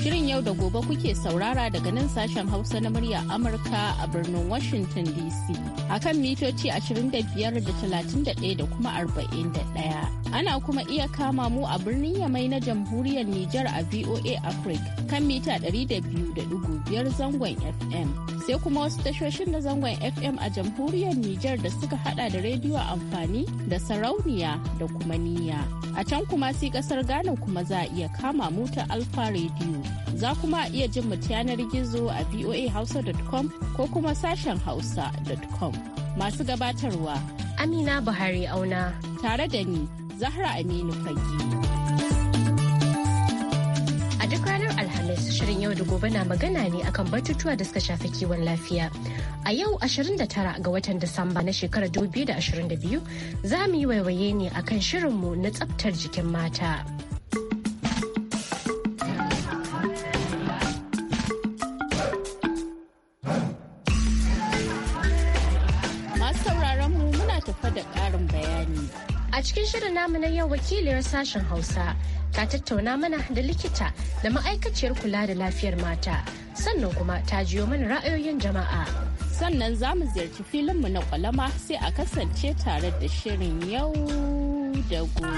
Shirin yau da gobe kuke saurara daga nan sashen Hausa na murya Amurka a birnin Washington DC a kan mitoci 25 da 31 da kuma 41. Ana kuma iya kama mu a birnin Yamai na jamhuriyar Nijar a VOA Africa kan mita 200.5 zangon FM. Sai kuma wasu tashoshin da zangon FM a jamhuriyar Nijar da suka hada da rediyo amfani da sarauniya da kuma niyya. A can kuma sai kasar Ghana kuma za a iya kama mu Alfa Radio. Za kuma a iya jin mu yanar gizo a voahausa.com ko kuma sashen hausa.com. Masu gabatarwa. Amina Buhari auna. Tare da ni, Zahra Aminu Fagi. Shirin yau da gobe na magana ne akan batutuwa da suka shafi kiwon lafiya. A yau 29 ga watan Disamba na shekarar 2022 za mu yi waiwaye ne akan shirinmu na tsaftar jikin mata. Masu mu muna da ƙarin bayani. A cikin shirin namu na yau wakiliyar sashen Hausa ta tattauna mana da likita da ma'aikaciyar kula da lafiyar mata sannan kuma ta jiyo mana ra'ayoyin jama'a. Sannan za mu ziyarci filinmu na kwalama sai a kasance tare da shirin yau da gobe.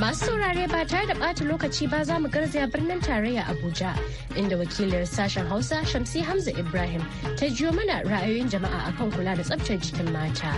masu saurare ba tare da ɓata lokaci ba za mu garzaya birnin tarayya abuja inda wakilar sashen hausa shamsi hamza ibrahim ta jiyo mana ra'ayoyin jama'a akan kula da tsabtar jikin mata.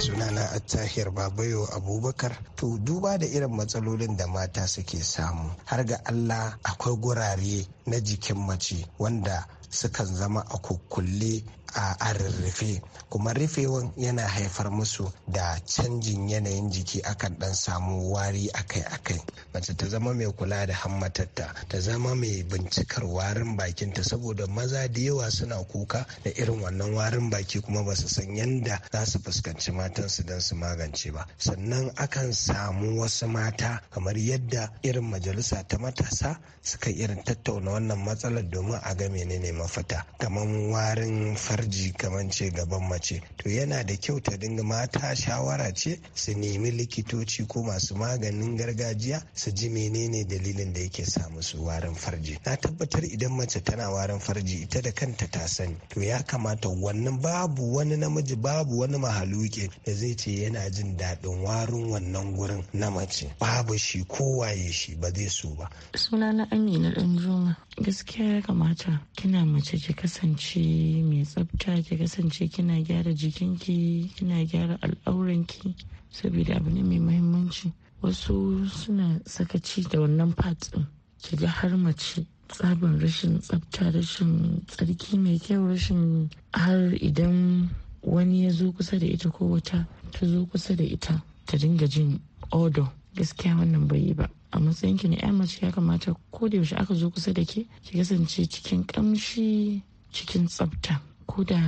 sunana tahir babayo abubakar to duba da irin matsalolin da mata suke samu har ga allah akwai gurare na jikin mace wanda sukan zama a kukkulle a rarrafe kuma rufewan yana haifar musu da canjin yanayin jiki akan dan samu wari akai-akai mace ta zama mai kula da hammatarta ta zama mai bincikar warin bakinta saboda maza da yawa suna kuka da irin wannan warin baki kuma ba su san yanda za su fuskanci matansu don su magance ba sannan akan samu wasu mata kamar yadda irin majalisa ta matasa suka irin tattauna wannan matsalar domin a ga menene mafita kamar warin far. farji kamar ce gaban mace to yana da kyau ta dinga mata shawara ce su nemi likitoci ko masu maganin gargajiya su ji menene dalilin da yake sa musu warin farji na tabbatar idan mace tana warin farji ita da kanta ta sani to ya kamata wannan babu wani namiji babu wani mahaluke da zai ce yana jin daɗin warin wannan gurin na mace babu shi kowaye shi ba zai so ba sunana amina dan juma gaskiya ya kamata kina mace ki kasance mai tsab tsafta ki kasance kina gyara jikinki kina gyara al'auranki saboda abu ne mai mahimmanci wasu suna sakaci da wannan part din ki ga har mace tsabin rashin tsafta rashin tsarki mai kyau rashin har idan wani ya zo kusa da ita ko wata ta zo kusa da ita ta dinga jin odo gaskiya wannan bai yi ba a matsayin ki na ya mace ya kamata ko da yaushe aka zo kusa da ke ki kasance cikin kamshi cikin tsabta. ko da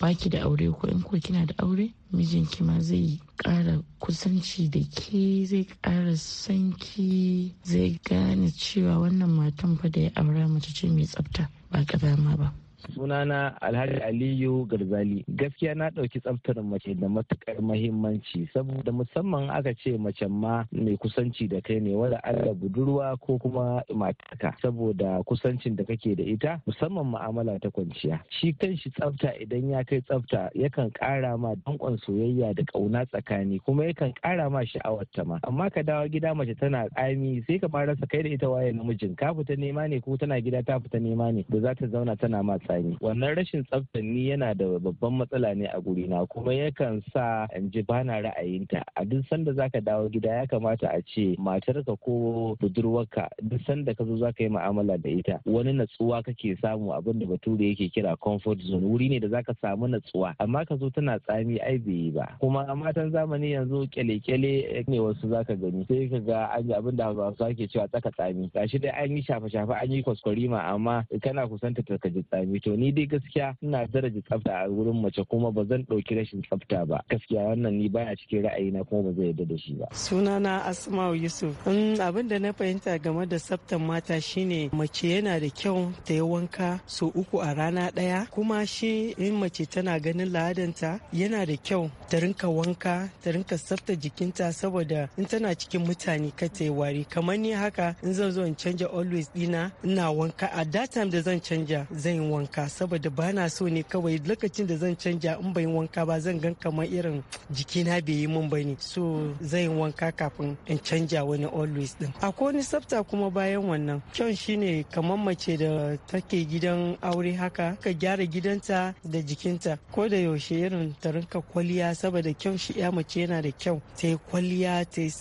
baki da aure ko in ko kina da aure mijinki ma zai kara kusanci da ke zai kara sanki zai gane cewa wannan matan fa da ya aura mace ce mai tsafta ba ƙazama ba sunana alhaji aliyu garzali gaskiya na ɗauki tsaftar mace da matuƙar mahimmanci saboda musamman aka ce mace ma mai kusanci da kai ne wanda allah budurwa ko kuma matarka saboda kusancin da kake da ita musamman ma'amala ta kwanciya shi kan shi tsafta idan ya kai tsafta yakan ƙara ma dankon soyayya da ƙauna tsakani kuma yakan ƙara ma sha'awar ma amma ka dawo gida mace tana ƙami sai ka fara rasa kai da ita waye namijin ka fita nema ne ko tana gida ta fita nema ne da za ta zauna tana ma ne. wannan rashin tsaftanni ni yana da babban matsala ne a guri na kuma yakan sa in ji bana ra'ayinta a duk sanda zaka dawo gida ya kamata a ce matarka ko budurwarka duk sanda ka zo zaka yi mu'amala da ita wani natsuwa kake samu abin da bature yake kira comfort zone wuri ne da zaka samu natsuwa amma ka zo tana tsami ai bai yi ba kuma a matan zamani yanzu kyale-kyale ne wasu zaka gani sai ka ga an yi abin da ba su ake cewa tsaka tsami gashi dai an yi shafe-shafe an yi kwaskwarima amma kana kusanta ta ji tsami to ni dai gaskiya ina daraja tsafta a wurin mace kuma ba zan ɗauki rashin tsafta ba gaskiya wannan ni baya cikin ra'ayina kuma ba zai yarda da shi ba sunana asma'u yusuf abin da na fahimta game da tsaftan mata shine mace yana da kyau ta yi wanka so uku a rana ɗaya kuma shi in mace tana ganin ladanta yana da kyau ta rinka wanka ta rinka tsafta jikinta saboda in tana cikin mutane ka ta yi wari kamar ni haka in zan zo in canja always dina ina wanka a that da zan canja zan yi wanka wanka saboda ba na so ne kawai lokacin da zan canja in ban wanka ba zan gan kamar irin jikina bai yi min bane so zai yi wanka kafin in canja wani always din akwai wani tsafta kuma bayan wannan kyan shine kamar mace da take gidan aure haka ka gyara gidanta da jikinta ko da yaushe irin ta rinka kwalliya saboda kyau shi ya mace yana da kyau ta yi kwalliya ta yi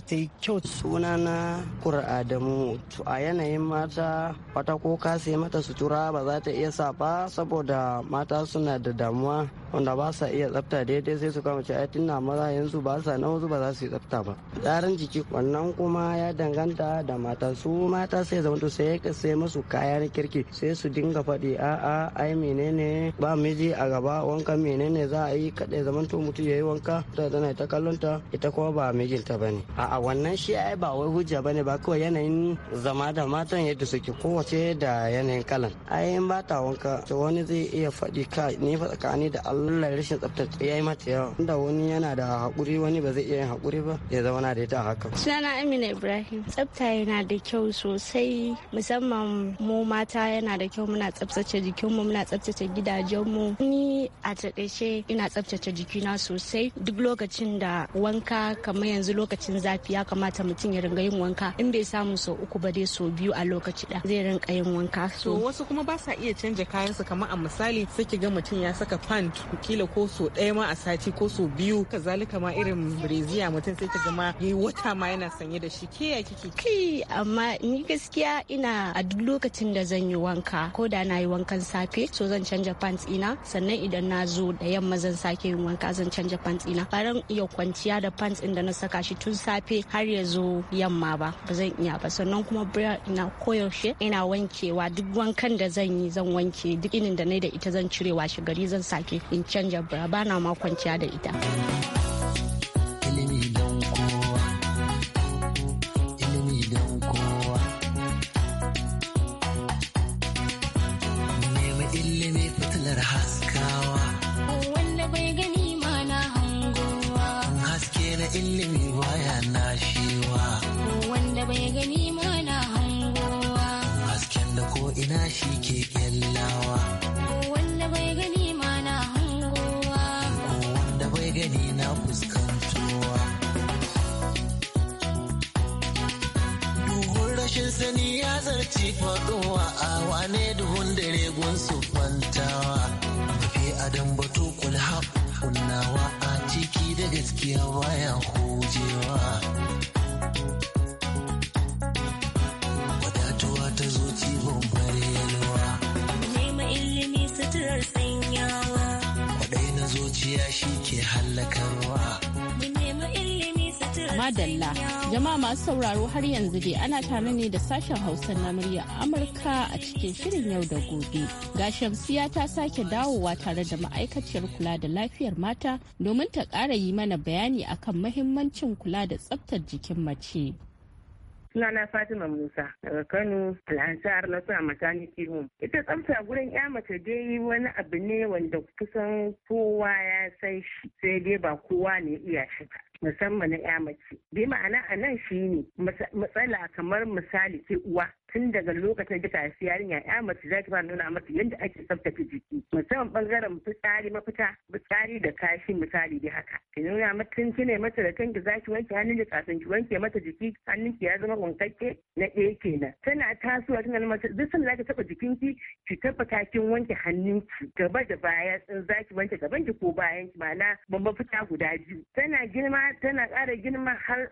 ta yi kyau suna sunana kur'adamu a yanayin mata wata ko ka sai mata sutura ba za ta iya yasa ba saboda mata suna da damuwa wanda ba sa iya tsafta daidai sai su kama ce ai na maza yanzu ba sa na wasu ba za su yi tsafta ba tsarin jiki wannan kuma ya danganta da mata su mata sai zamanto sai ya sai musu kaya kirki sai su dinga faɗi a a ai menene ba miji a gaba wanka menene za a yi kaɗai zamanto mutum ya yi wanka ta zana ta kallon ita kuma ba mijinta ba ne a wannan shi ai ba wai hujja ba ne ba kawai yanayin zama da matan yadda suke kowace da yanayin kalan ai in ba ta wanka to wani zai iya faɗi kai ne fa tsakani da Allah rashin tsaftar ya yi mata yawa inda wani yana da haƙuri wani ba zai iya yin hakuri ba ya zama na da ita haka sunana Amina Ibrahim tsafta yana da kyau sosai musamman mu mata yana da kyau muna tsaftace jikinmu muna tsaftace gidajenmu ni a takaice ina tsaftace jikina sosai duk lokacin da wanka kamar yanzu lokacin zafi ya kamata mutum ya ringa yin wanka in bai samu sau uku ba dai sau biyu a lokaci da zai ringa yin wanka so wasu kuma ba sa iya canza canja kayansu kamar a misali sai ki ga mutum ya saka pant kila ko so ɗaya ma a sati ko so biyu kazalika ma irin breziya mutum sai ki ga ma yayi wata ma yana sanye da shi ke ya kike ki amma ni gaskiya ina a duk lokacin da zan yi wanka ko da na yi wankan safe so zan canja pants ina sannan idan na zo da yamma zan sake yin wanka zan canja pants ina faran iya kwanciya da pants din da na saka shi tun safe har ya zo yamma ba ba zan iya ba sannan kuma bra ina koyaushe ina wankewa duk wankan da zan yi zan wanke duk inin da na da ita zan cirewa shi gari zan sake in canja bra bana ma kwanciya da ita. gaskiya baya hujewa wadatuwa ta zuci babbar yalwa nema ilimi suturar sanyawa kwadai na zuciya shi ke hallakarwa madalla jama'a masu sauraro har yanzu dai ana tare ne da sashen hausa na murya amurka a cikin shirin yau da gobe ga shamsiya ta sake dawowa tare da ma'aikaciyar kula da lafiyar mata domin ta ƙara yi mana bayani akan mahimmancin kula da tsaftar jikin mace sunana Fatima Musa daga Kano Al'ansar na sa maternity home. Ita tsafta gurin ya mace dai wani abu ne wanda kusan kowa ya san shi sai dai ba kowa ne iya shi ba. musamman na ya mace bi ma'ana a nan ne matsala kamar misali ke uwa tun daga lokacin da tafi yarinya ya mace za fara nuna mata yadda ake tsaftace jiki musamman bangaren fitsari mafita fitsari da kashi misali dai haka ki nuna mata tun kine mata da kanki za ki wanke hannun da kafin ki wanke mata jiki hannun ki ya zama wankakke na ɗaya kenan tana tasowa tana mata duk sanda za ki taɓa jikinki ki tabbata kin wanke hannun ki? gaba da baya in za ki wanke gaban ki ko bayan ki ma'ana bamba fita guda biyu tana girma tana ƙara girma har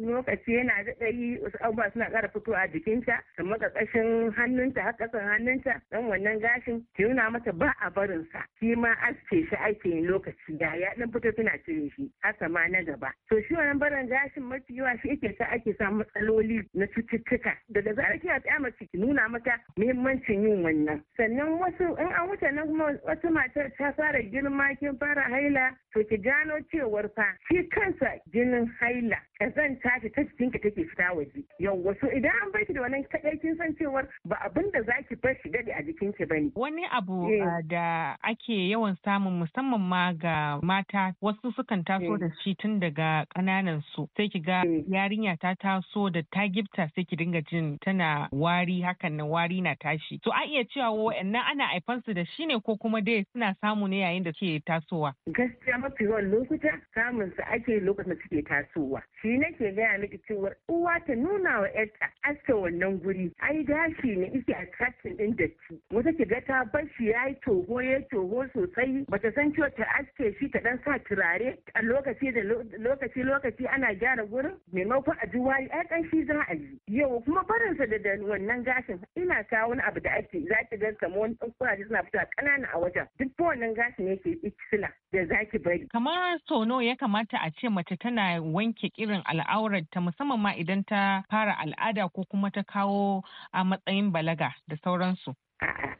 lokaci yana daɗa yi wasu abubuwa suna ƙara fitowa a jikinta mata ƙashin hannunta har ƙasan hannunta dan wannan gashin ki nuna mata ba a barin sa shi ma aske shi ake yin lokaci da ya dan fito tana cire shi haka ma na gaba to shi wannan barin gashin mafi yawa shi ake sa ake matsaloli na cututtuka daga zarar kina tsaya mace ki nuna mata muhimmancin yin wannan sannan wasu in an wuce nan kuma wasu matar ta fara girma kin fara haila to ki gano cewar fa shi kansa jinin haila zan tafi ta cikin ki take fita waje yau wasu idan an baki da wannan kadai kin san cewar ba abin da za ba shi dade a jikinki ki bane. Wani abu eh. ah, da ake yawan samun musamman ma ga mata wasu sukan taso da eh. shi tun daga ƙananan su sai ki ga eh. yarinya ta taso da ta gifta sai ki dinga jin tana wari hakan nan wari na tashi. To a iya cewa wa'annan ana su da shi ne ko kuma dai suna samu ne yayin da suke tasowa. Gaskiya mafi yawan lokuta samun su ake lokacin da suke tasowa. Shi nake gaya miki cewa uwa ta nuna wa 'yarta aske wannan guri ai gashi ne ike attracting collecting din datti wata ki ga ta bar shi yayi toho ya toho sosai bata san cewa ta aske shi ta dan sa turare a lokaci da lokaci lokaci ana gyara gurin maimakon a juwari ai shi za a yi yau kuma barinsa da wannan gashin ina kawo wani abu da ake za ki ga kamar wani ɗan kuraje suna fita kanana a wajen duk wannan gashin yake iksila da zaki bari kamar sono ya kamata a ce mace tana wanke kirin al'aurar ta musamman ma idan ta fara al'ada ko kuma ta kawo a matsayin balaga da sauran sauransu.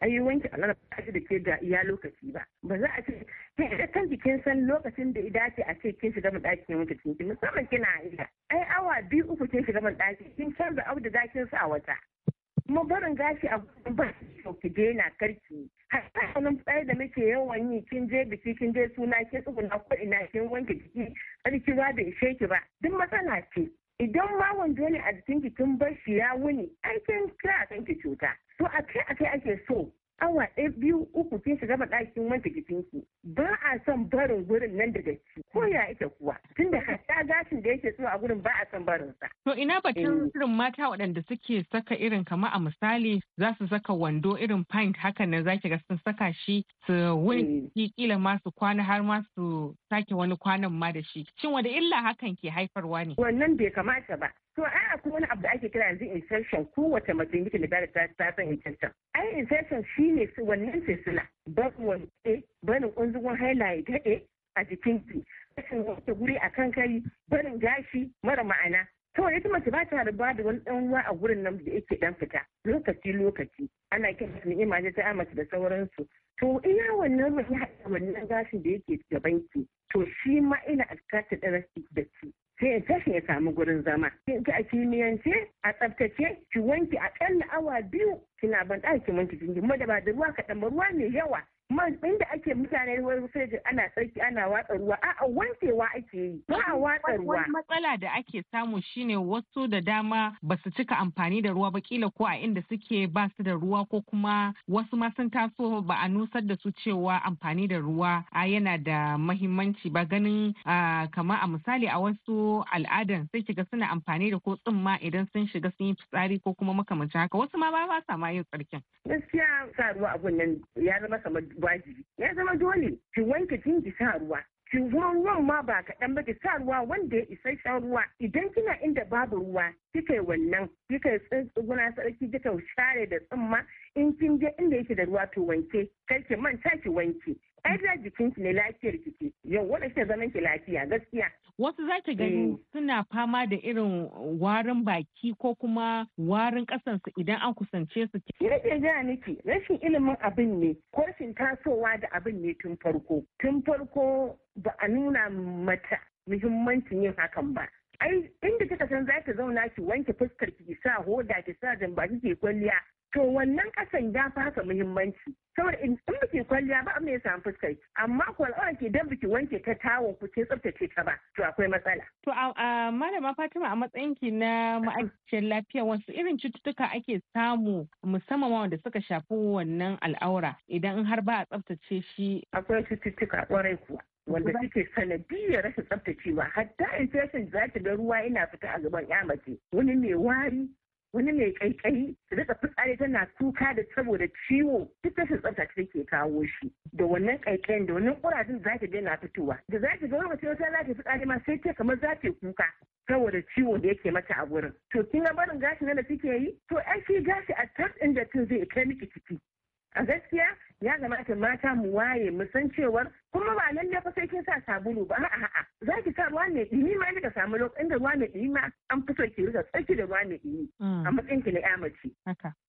yi wanke Allah da ke ga iya lokaci ba. Ba za a ce kai da kan jikin san lokacin da ya a ce kin shiga mun ɗakin wanke cikin musamman kina iya. Ai awa biyu uku kin shiga mun ɗaki kin canza za kin sa wata. Kuma barin gashi a ba ki daina karki. Hatta wani tsaye da muke yawan yi kin je biki kin je suna kin tsuguna ko ina kin wanke jiki tsarki ba da ishe ki ba. Duk matsala ce. idan ma wando ne a jikin jikin bashi ya wuni ai kin kira kan ki cuta to a kai a kai ake so awa ɗaya biyu uku kin shiga ba ɗakin wanke ba a son barin gurin nan da datti ko ya ita kuwa tunda hatta gashin da yake zuwa a gurin ba a son barin sa. To ina batun eh. irin mata waɗanda suke saka irin kama a misali za su saka wando irin pint hakan nan zaki ga sun saka shi su wuni eh. kila ma su kwana har ma su sake wani kwanan ma da shi. Shin wanda illa hakan ke haifarwa ne? Wannan bai kamata ba. To ai akwai wani abu da ake kira yanzu ko kowace mace yake da ta san insertion. Ai insertion shi ne su wannan silsila barin wanke barin ƙunzugun haila ya daɗe a jikinki rashin wanke guri a kan kari barin gashi mara ma'ana to ita mace ba ta ba da wani dan uwa a gurin nan da yake dan fita lokaci lokaci ana kiran su ni'ima ce ta amace da sauransu to ina wannan ruhi haɗa wannan gashin da yake gaban ki to shi ma ina attracted ɗin da ki sai in tashi ya samu gurin zama ki a kimiyyance a tsaftace ki wanki a ƙalla awa biyu kina ban ɗaki wanki ki kuma da da ruwa kaɗan ruwa mai yawa man inda ake mutane wai sai ana tsarki ana watsa ruwa a'a wankewa ake yi ba a watsa ruwa wani matsala da ake samu shine wasu da dama ba su cika amfani da ruwa ba kila ko a inda suke ba su da ruwa ko kuma wasu ma sun taso ba a nusar da su cewa amfani da ruwa a yana da mahimmanci ba ganin kamar a misali a wasu al'adan sai kiga suna amfani da ko tsumma idan sun shiga sun yi fitsari ko kuma makamancin haka wasu ma ba sa ma yin tsarkin gaskiya sa ruwa abun nan ya zama kamar wajibi ya zama dole ki wanke ki sa ruwa ki ruwan ma ba kaɗan ba ki sa ruwa wanda ya isa sha ruwa idan kina inda babu ruwa kika yi wannan kika yi tsuguna sarki kika share da tsumma in kin je inda yake da ruwa to wanke kar ki manta ki wanke jikin jikinki ne lafiyar jiki. Yau wanda kika zaman ki lafiya gaskiya. Wasu za ki gani eh. suna fama da irin warin baki ko kuma warin ƙasansu idan an kusance su. Ina iya gaya miki rashin ilimin abin ne ko rashin tasowa da abin ne tun farko. Tun farko ba a nuna mata muhimmancin yin hakan ba. ai inda kika san za ki zauna ki wanke fuskar ki sa hoda ki sa jamba ke kwalliya to wannan kasan ya fasa muhimmanci saboda in biki kwalliya ba ya samu fuskar amma ko al'aura ke dan biki wanke ta tawon ku ke tsaftace ta ba to akwai matsala to a malama Fatima a matsayinki na ma'aikaciyar lafiya wasu irin cututtuka ake samu musamman wanda suka shafi wannan al'aura idan har ba a tsaftace shi akwai cututtuka kwarai kuwa wanda suke sanadiyar rashin tsaftacewa hatta infection za ta ga ruwa ina fita a gaban ya mace wani mai wari wani mai kaikayi ta daga fitsari tana kuka da saboda ciwo duk rashin tsafta ta ke kawo shi da wannan kaikayin da wannan kurajin za ta daina fitowa da za ta ga wani wata sai za ta fitsari ma sai ta kamar za ta kuka saboda ciwo da yake mata a wurin to kin ga barin gashi na da suke yi to ai shi gashi a tas inda da tun zai kai miki ciki a gaskiya ya kamata mata mu waye mu san cewar kuma ba lalle fa sai kin sa sabulu ba a'a a'a za ki sa ruwa mai dimi ma ka samu lokacin da ruwa mai dimi ma an fito ki rika tsaki da ruwa mai dimi mm. a matsayin ki na ya mace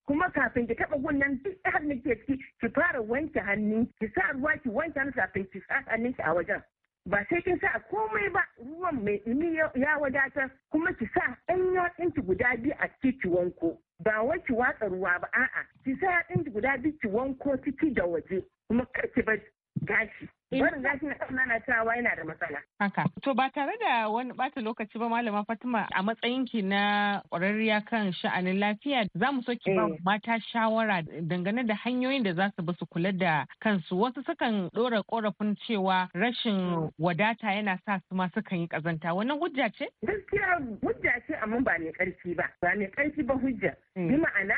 kuma kafin ki taba gunnan duk hannun ki ki fara wanke hannun ki sa ruwa ki wanke hannun kafin ki sa hannun ki a wajen ba sai kin sa komai ba ruwan mai dimi ya wadatar kuma ki sa ɗanyo ɗinki guda biyu a ciki wanko ba wai watsa ruwa ba a'a ki sa ɗin guda biyu ki wanko ciki da waje kuma kar ki bar gashi barin gashi na ƙananatawa yana da matsala. Haka. To ba tare da wani bata lokaci ba malama Fatima a matsayinki na ƙwararriya kan sha'anin lafiya za mu so ki ba eh. mata shawara dangane da hanyoyin da za su bi su kula da kansu wasu sukan ɗora ƙorafin cewa rashin wadata yana sa su ma sukan yi ƙazanta wannan hujja ce? Gaskiya hujja ce amma ba mai ƙarfi ba ba mai ƙarfi ba hujja. Eh. Bi ma'ana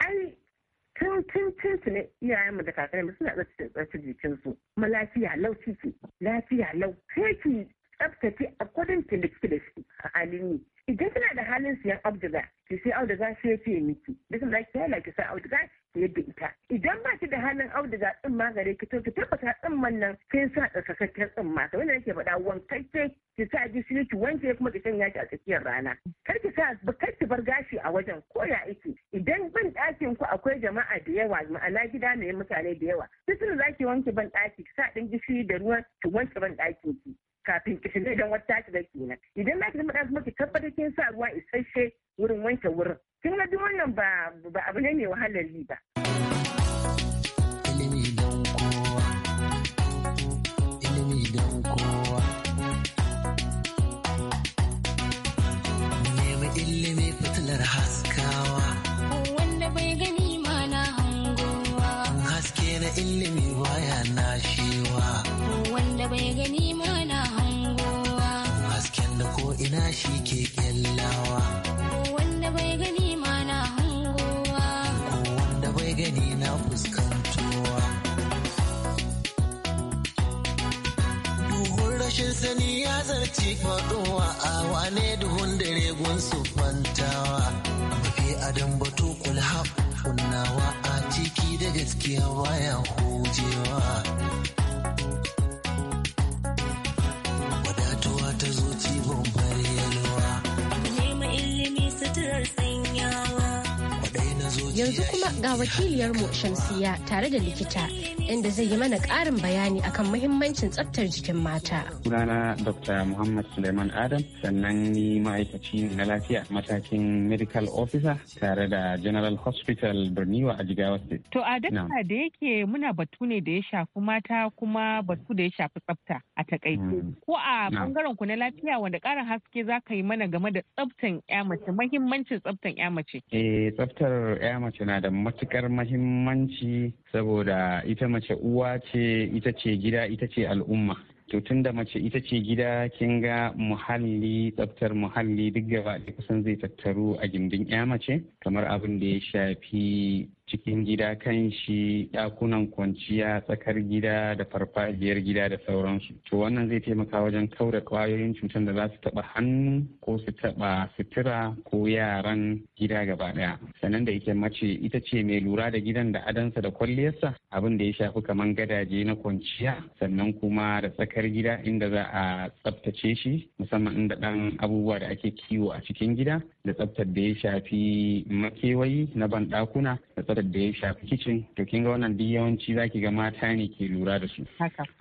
ai tun tun tun su ne iyayenmu da mu suna tsarki jikinsu kuma lafiya lau ciki lafiya lau sai ki tsaftace a kudin ki da kike da shi a halin ni idan kina da halin yan auduga ki sai auduga sai yi miki Duk da ki hala ki sai auduga ki yadda ita idan ba ki da halin auduga din ma gare ki to ki tabbata man nan kin sa tsakakken tsimma to wanda yake faɗa wankakke ki sa gishiri ki wanke kuma ki shanya ki a tsakiyar rana kar ki sa kar ki bar gashi a wajen ko ya yake idan ban ɗakin ku akwai jama'a da yawa ma'ana gida mai mutane da yawa duk za ki wanke ban ɗaki ki sa ɗin gishiri da ruwan ki wanke ban ɗakin ki kafin ki shiga idan wata ta da nan idan za ki zama kuma ki tabbatar kin sa ruwa isasshe wurin wanke wurin kin ga duk wannan ba abu ne mai wahalar yi ba. da ilimi baya nashewa wanda bai gani mana hangowa hasken da ko ina shi ke kyallawa wanda bai gani mana hangowa ko wanda bai gani na fuskantowa duhun rashin sani ya zarci faɗowa a wane duhun dare gunsu fa ga mu Shamsiya tare da likita inda zai yi mana ƙarin bayani akan muhimmancin tsaftar jikin mata. Sunana Dr. Muhammad Suleiman Adam sannan ni ma'aikaci na lafiya matakin medical officer tare da General Hospital Birniwa a Jigawa State. To a da yake muna batu ne da ya shafi mata kuma batu da ya shafi tsafta a takaice. Mm. Ko a bangaren ku na lafiya wanda ƙarin haske za ka yi mana game da tsaftan ya mace muhimmancin tsaftan ya mace. Eh tsaftar ya mace na da matukar muhimmanci saboda ita mace mace uwa ce ita ce gida ita ce al'umma to tun da mace ita ce gida kin ga muhalli tsaftar muhalli duk gaba da kusan zai tattaru a gindin ya mace kamar abin da ya shafi cikin gida kan shi ɗakunan kwanciya tsakar gida da farfajiyar gida da sauransu to wannan zai taimaka wajen kaura ƙwayoyin cutar da za su taɓa hannu ko su taɓa sutura ko yaran gida gaba ɗaya sannan da yake mace ita ce mai lura da gidan da adansa da kwalliyarsa abin da ya shafi kamar gadaje na kwanciya sannan kuma da tsakar gida inda za a tsaftace shi musamman inda ɗan abubuwa da ake kiwo a cikin gida da tsaftar da ya shafi makewayi na banɗakuna da cutar da ya shafi kicin to kin ga wannan duk yawanci zaki ga mata ne ke lura da su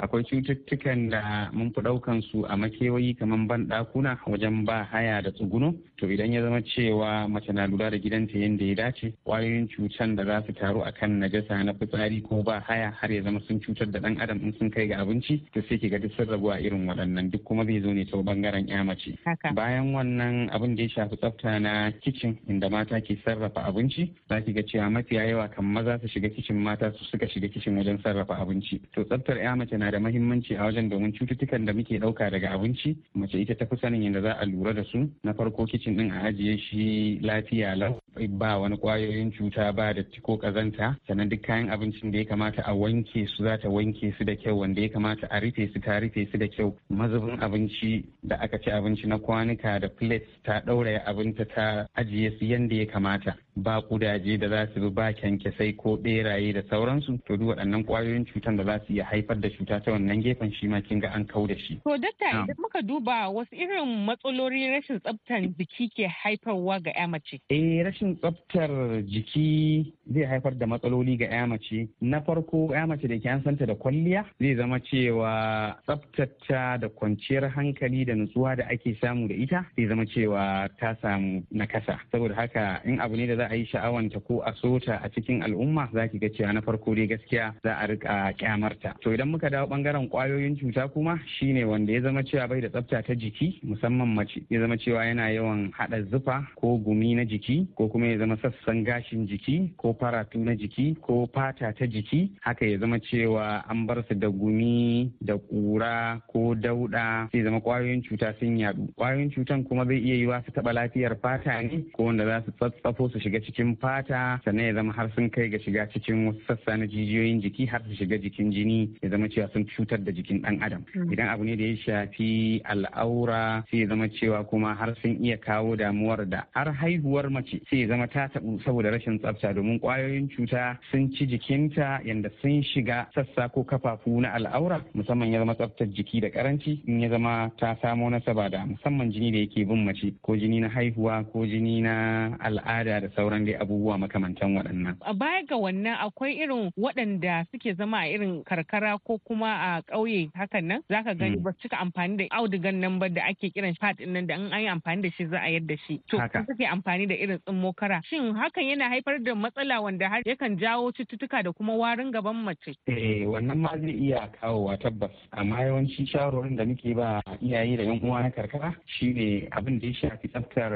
akwai cututtukan da mun fi daukan su a makewayi kamar ban dakuna wajen ba haya da tsuguno to idan ya zama cewa mace na lura da gidanta yadda ya dace kwayoyin cutan da za su taru akan najasa na fitsari ko ba haya har ya zama sun cutar da ɗan adam in sun kai ga abinci to sai ki ga duk sun rabu a irin waɗannan duk kuma zai zo ne ta bangaren ya mace bayan wannan abin da ya shafi tsafta na kicin inda mata ke sarrafa abinci za ki ga cewa mafiya yawa kan maza su shiga kishin mata su suka shiga kicin wajen sarrafa abinci to tsaftar ya mace na da mahimmanci a wajen domin cututtukan da muke ɗauka daga abinci mace ita ta fi sanin yadda za a lura da su na farko kicin din a ajiye shi lafiya lau ba wani kwayoyin cuta ba da ko kazanta sannan duk kayan abincin da ya kamata a wanke su za ta wanke su da kyau wanda ya kamata a rufe su ta rufe su da kyau mazubin abinci da aka ci abinci na kwanuka da plates ta ɗauraya abinta ta ajiye su yadda ya kamata ba kudaje da za su bi ba kyankyasai ko beraye da sauransu to duk waɗannan kwayoyin cutan da za su iya haifar da cuta ta wannan gefen shi ma kin ga an kau da shi. To dakta idan muka duba wasu irin matsaloli rashin tsaftar jiki ke haifarwa ga ya mace. Eh rashin tsaftar jiki zai haifar da matsaloli ga ya mace. Na farko ya mace da ke an santa da kwalliya zai zama cewa tsaftata da kwanciyar hankali da nutsuwa da ake samu da ita zai zama cewa ta samu nakasa. Saboda haka in abu ne da za a yi sha'awanta ko a sota a a cikin al'umma za ki ga cewa na farko dai gaskiya za a rika kyamarta to idan muka dawo bangaren kwayoyin cuta kuma shine wanda ya zama cewa bai da tsafta ta jiki musamman mace ya zama cewa yana yawan hada zufa ko gumi na jiki ko kuma ya zama sassan gashin jiki ko faratu na jiki ko fata ta jiki haka ya zama cewa an bar su da gumi da kura ko dauda sai zama kwayoyin cuta sun yadu kwayoyin cutan kuma zai iya yiwa su taba lafiyar fata ne ko wanda za su tsatsafo su shiga cikin fata sannan ya zama har sun kai ga shiga cikin wasu sassa na jijiyoyin jiki har su shiga jikin jini ya zama cewa sun cutar da jikin dan adam hmm. idan abu ne da ya shafi al'aura sai zama cewa kuma har sun iya kawo damuwar da har haihuwar mace sai zama ta tabu saboda rashin tsafta domin kwayoyin cuta sun ci jikinta yanda sun shiga sassa ko kafafu na al'aura musamman ya zama tsaftar jiki da karanci in ya zama ta samo nasaba da musamman jini da yake bin mace ko jini na haihuwa ko jini na al'ada da sauran dai abubuwa makamantan waɗannan nan. A baya ga wannan akwai irin waɗanda suke zama a irin karkara ko kuma a ƙauye hakan nan Za ka gani mm. ba cika amfani da audugan nan ba da ake kiran pad nan da in an yi amfani da shi za a yadda shi. To suke amfani da irin tsimokara. Shin hakan yana haifar da matsala wanda har yakan jawo cututtuka da kuma warin gaban mace. Eh wannan ma zai iya kawowa tabbas amma yawanci shawarwarin da muke ba iyaye da yan uwa na karkara shine abin da ya shafi tsaftar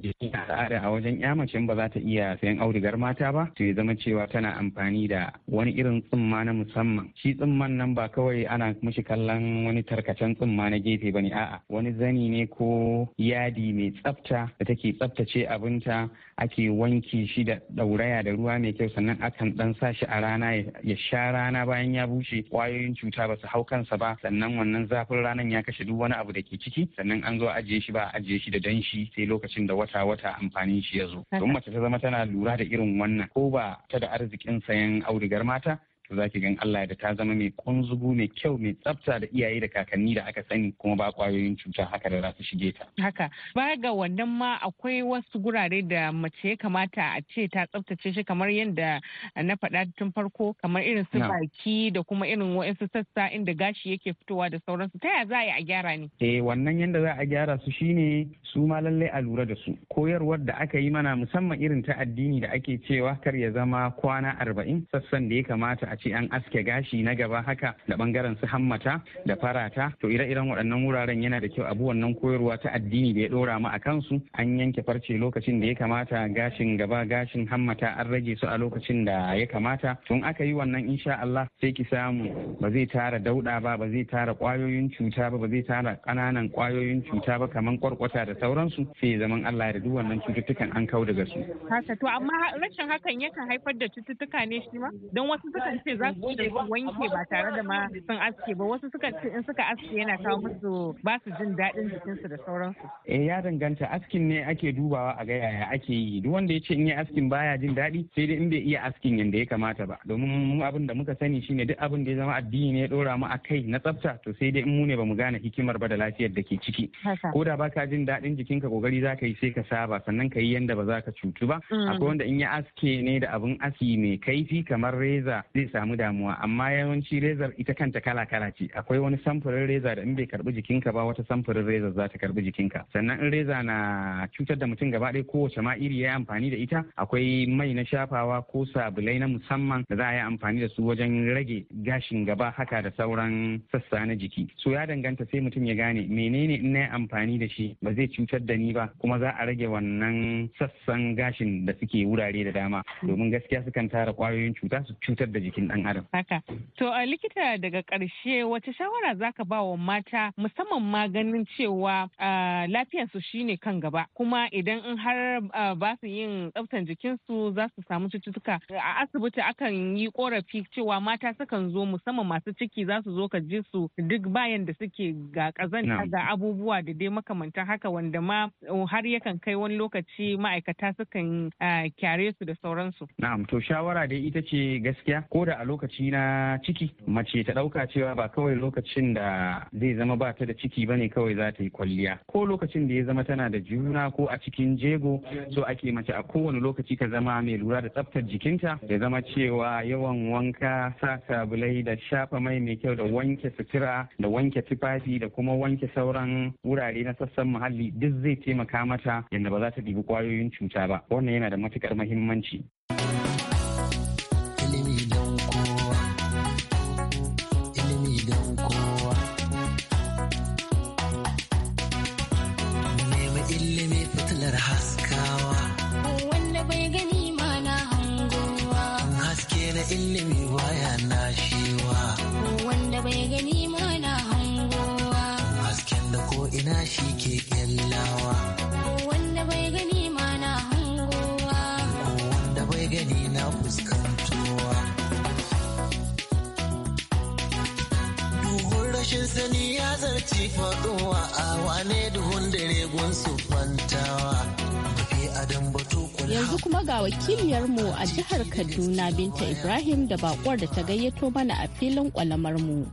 jikin al'ada a wajen ya mace ba za ta iya sayan audugar mata ba to ya zama cewa tana amfani da wani irin tsumma na musamman shi tsumman nan ba kawai ana mishi kallon wani tarkacen tsumma na gefe ba ne a'a wani zani ne ko yadi mai tsafta da take tsaftace abinta ake wanke shi da ɗauraya da ruwa mai kyau sannan akan ɗan sa shi a rana ya sha rana bayan ya bushe kwayoyin cuta ba su hau kansa ba sannan wannan zafin ranar ya kashe duk wani abu da ke ciki sannan an zo ajiye shi ba ajiye shi da danshi sai lokacin da wata wata amfanin shi ya zo. Don mace ta zama tana lura da irin wannan ko ba ta da arzikin sayan audigar mata za ki gan Allah da ta zama mai kunzugu mai kyau mai tsafta da iyaye da kakanni da aka sani kuma ba kwayoyin cuta haka da za su shige ta. Haka ba ga wannan ma akwai wasu gurare da mace ya kamata a ce ta tsaftace shi kamar yadda na faɗa tun farko kamar irin su baki da kuma irin wa'insu sassa inda gashi yake fitowa da sauransu ta ya za a yi a gyara ne. Eh wannan yadda za a gyara su shine su ma lallai a lura da su koyarwar da aka yi mana musamman irin ta addini da ake cewa kar ya zama kwana arba'in sassan da ya kamata a ce an aske gashi na gaba haka da bangaren su hammata da farata to ire-iren waɗannan wuraren yana da kyau abu wannan koyarwa ta addini da ya ɗora mu a kansu an yanke farce lokacin da ya kamata gashin gaba gashin hammata an rage su a lokacin da ya kamata tun aka yi wannan insha Allah sai ki samu ba zai tara dauɗa ba ba zai tara kwayoyin cuta ba ba zai tara ƙananan kwayoyin cuta ba kamar kwarkwata da sauransu sai zaman Allah ya duk wannan cututtukan an kau daga su. Haka to amma rashin hakan yakan haifar da cututtuka ne shi ma don wasu sukan ce za su ce wanke ba tare da ma sun aske ba wasu suka ce in suka aske yana kawo musu ba su jin daɗin jikinsu da sauransu. Eh ya danganta askin ne ake dubawa a ga yaya ake yi duk wanda ya ce in yi askin baya jin daɗi sai dai in bai iya askin yadda ya kamata ba domin mu abin da muka sani shine duk abin da ya zama addini ne ya ɗora mu a kai na tsafta to sai dai in mu ne bamu gane hikimar ba da lafiyar da ke ciki. Ko da baka jin daɗin jikinka kokari za ka yi sai ka saba sannan ka yi yanda ba za ka cutu ba. Mm. Akwai wanda in ya aske ne da abin aski mai kaifi kamar reza zai samu damuwa amma yawanci rezar ita kanta kala kala ce akwai wani samfurin reza da in bai karbi jikinka ba wata samfurin reza za ta karbi jikinka sannan in reza na cutar da mutum gaba ɗaya kowace ma iri ya amfani da ita akwai mai na shafawa ko sabulai na musamman da za a yi amfani da su wajen rage gashin gaba haka da sauran sassa na jiki so ya danganta sai mutum ya gane menene in na yi amfani da shi ba zai cutar da ni ba kuma za a rage wannan sassan gashin da suke wurare da dama domin gaskiya sukan tara kwayoyin cuta su cutar da jikin jikin dan adam. Haka. To a likita daga ƙarshe wace shawara zaka ba wa mata musamman ma ganin cewa lafiyarsu shine kan gaba kuma idan in har ba su yin tsaftan jikinsu za su samu cututtuka a asibiti akan yi korafi cewa mata sukan zo musamman masu ciki za su zo ka ji su duk bayan da suke ga kazanta ga abubuwa da dai makamanta haka wanda ma uh, har yakan kai wani lokaci ma'aikata sukan uh, kyare su da sauransu. Na'am to shawara dai ita ce gaskiya ko da a lokaci na ciki mace ta ɗauka cewa ba kawai lokacin da zai zama ba ta da ciki ba ne kawai za ta yi kwalliya ko lokacin da ya zama tana da juna ko a cikin jego so ake mace a kowane lokaci ka zama mai lura da tsaftar jikinta ya zama cewa yawan wanka sa sabulai da shafa mai mai kyau da wanke sutura da wanke tufafi da kuma wanke sauran wurare na sassan muhalli duk zai taimaka mata yadda ba za ta ɗibi kwayoyin cuta ba wannan yana da matukar mahimmanci. ga mu a jihar Kaduna Binta Ibrahim da bakwar da ta gayyato mana a filin kwalamar mu.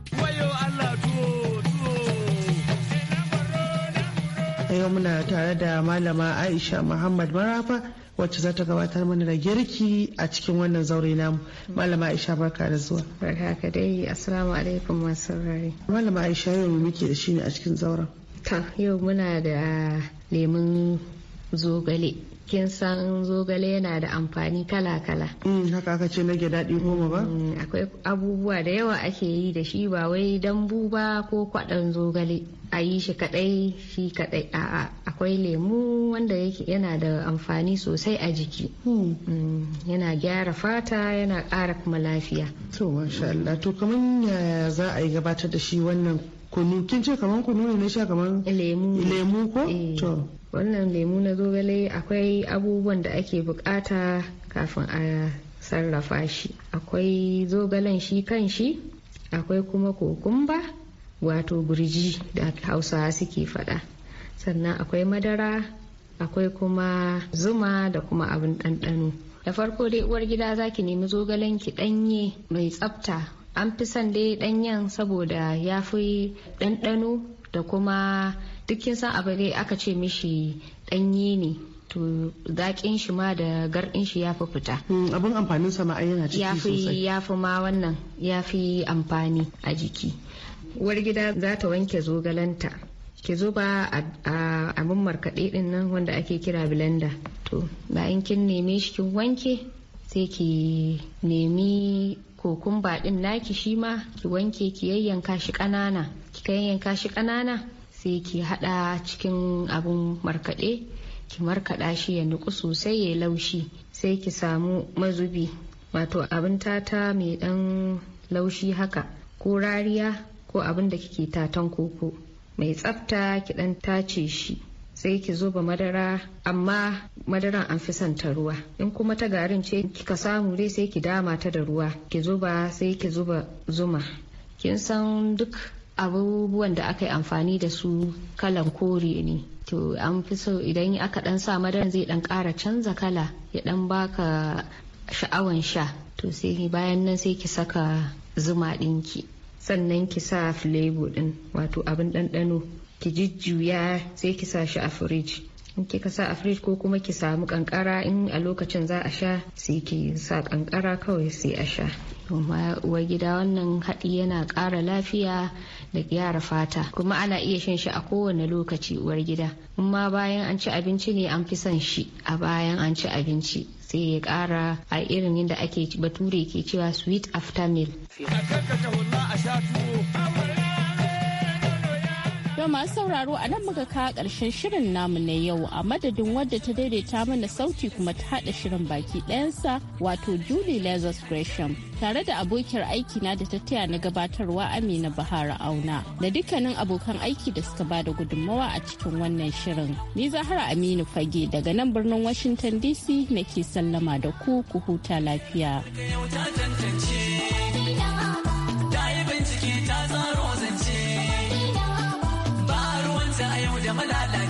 yau muna tare da malama aisha muhammad marafa wacce za ta gabatar mana da girki a cikin wannan zaure namu malama aisha barka da zuwa barka ka dai assalamu alaikum masu rari malama aisha yau muke da shi ne a cikin zauren ta yau muna da lemun zogale kin san zogale yana da amfani kala-kala. Mm, haka aka ce rage daɗi goma ba? Mm, akwai abubuwa da yawa ake yi da shi ba wai dambu ba ko kwaɗon zogale a yi shi kaɗai shi kaɗai a'a akwai lemu wanda yana da amfani sosai a jiki mm. yana gyara fata yana ƙara kuma lafiya. to masha Allah to kamar yaya za a yi gabatar da shi wannan kunu kin ce kamar kunu ne na sha kamar lemu ko eh. to wannan lemu na zogale akwai abubuwan da ake bukata kafin a sarrafa shi akwai zogalen shi kan shi akwai kuma kokumba wato gurji da hausa suke fada sannan akwai madara akwai kuma zuma da kuma abin ɗanɗano da farko dai uwar gida za ki nemi zogalen ki ɗanye mai tsafta an fi son dai ɗanyen saboda ya fi ɗanɗano da kuma duk kin san abu ne aka ce mishi ɗanye ne to zaƙin shi ma da garɗin shi ya fi fita. Hmm, abin amfanin sa ma yana ciki sosai. Ya fi ma wannan ya fi amfani a jiki. Uwar gida za ta wanke zogalanta. Ki ba a abin markaɗe ɗin nan wanda ake kira blender. To bayan kin neme shi kin wanke sai ki nemi kokumba ɗin naki shi ma ki wanke ki yayyanka shi ƙanana. ki yayyanka shi ƙanana sai ki hada cikin abin markade ki markada shi ya nuku sosai ya laushi sai ki samu mazubi wato abin tata mai dan laushi haka ko rariya ko abin da kike tatan koko mai tsafta ki dan tace shi sai ki zuba madara amma madaran an fi santa ruwa in kuma ta garin ce kika samu dai sai ki dama ta da ruwa ki zuba sai ki zuba zuma kin san duk abubuwan da aka yi amfani da su kalan kore ne to an fi so idan aka dan sa madaran zai dan kara canza kala ya dan baka sha'awan sha to sai bayan nan sai ki saka zuma dinki sannan ki sa flavor din wato abin ɗanɗano ki jujjuya sai ki sa shi a firij in kika sa a fridge ko kuma ki samu kankara in a lokacin za a sha sai ki sa kankara kawai sai a sha kuma uwa gida wannan haɗi yana ƙara lafiya da gyara fata kuma ana iya shan shi a kowane lokaci uwar gida kuma bayan an ci abinci ne an fi son shi a bayan an ci abinci sai ya ƙara a irin yadda ake bature ke cewa sweet after meal Don masu sauraro a nan muka kawo ƙarshen shirin namu na yau a madadin wadda ta daidaita mana sauti kuma ta haɗa shirin baki ɗayansa wato Julie Lazarus Gresham tare da abokiyar na da ta taya na gabatarwa Amina Bahara Auna da dukkanin abokan aiki da suka ba da gudunmawa a cikin wannan shirin. Ni Zahara Aminu Fage daga nan birnin Washington DC nake sallama da ku ku huta lafiya. da malala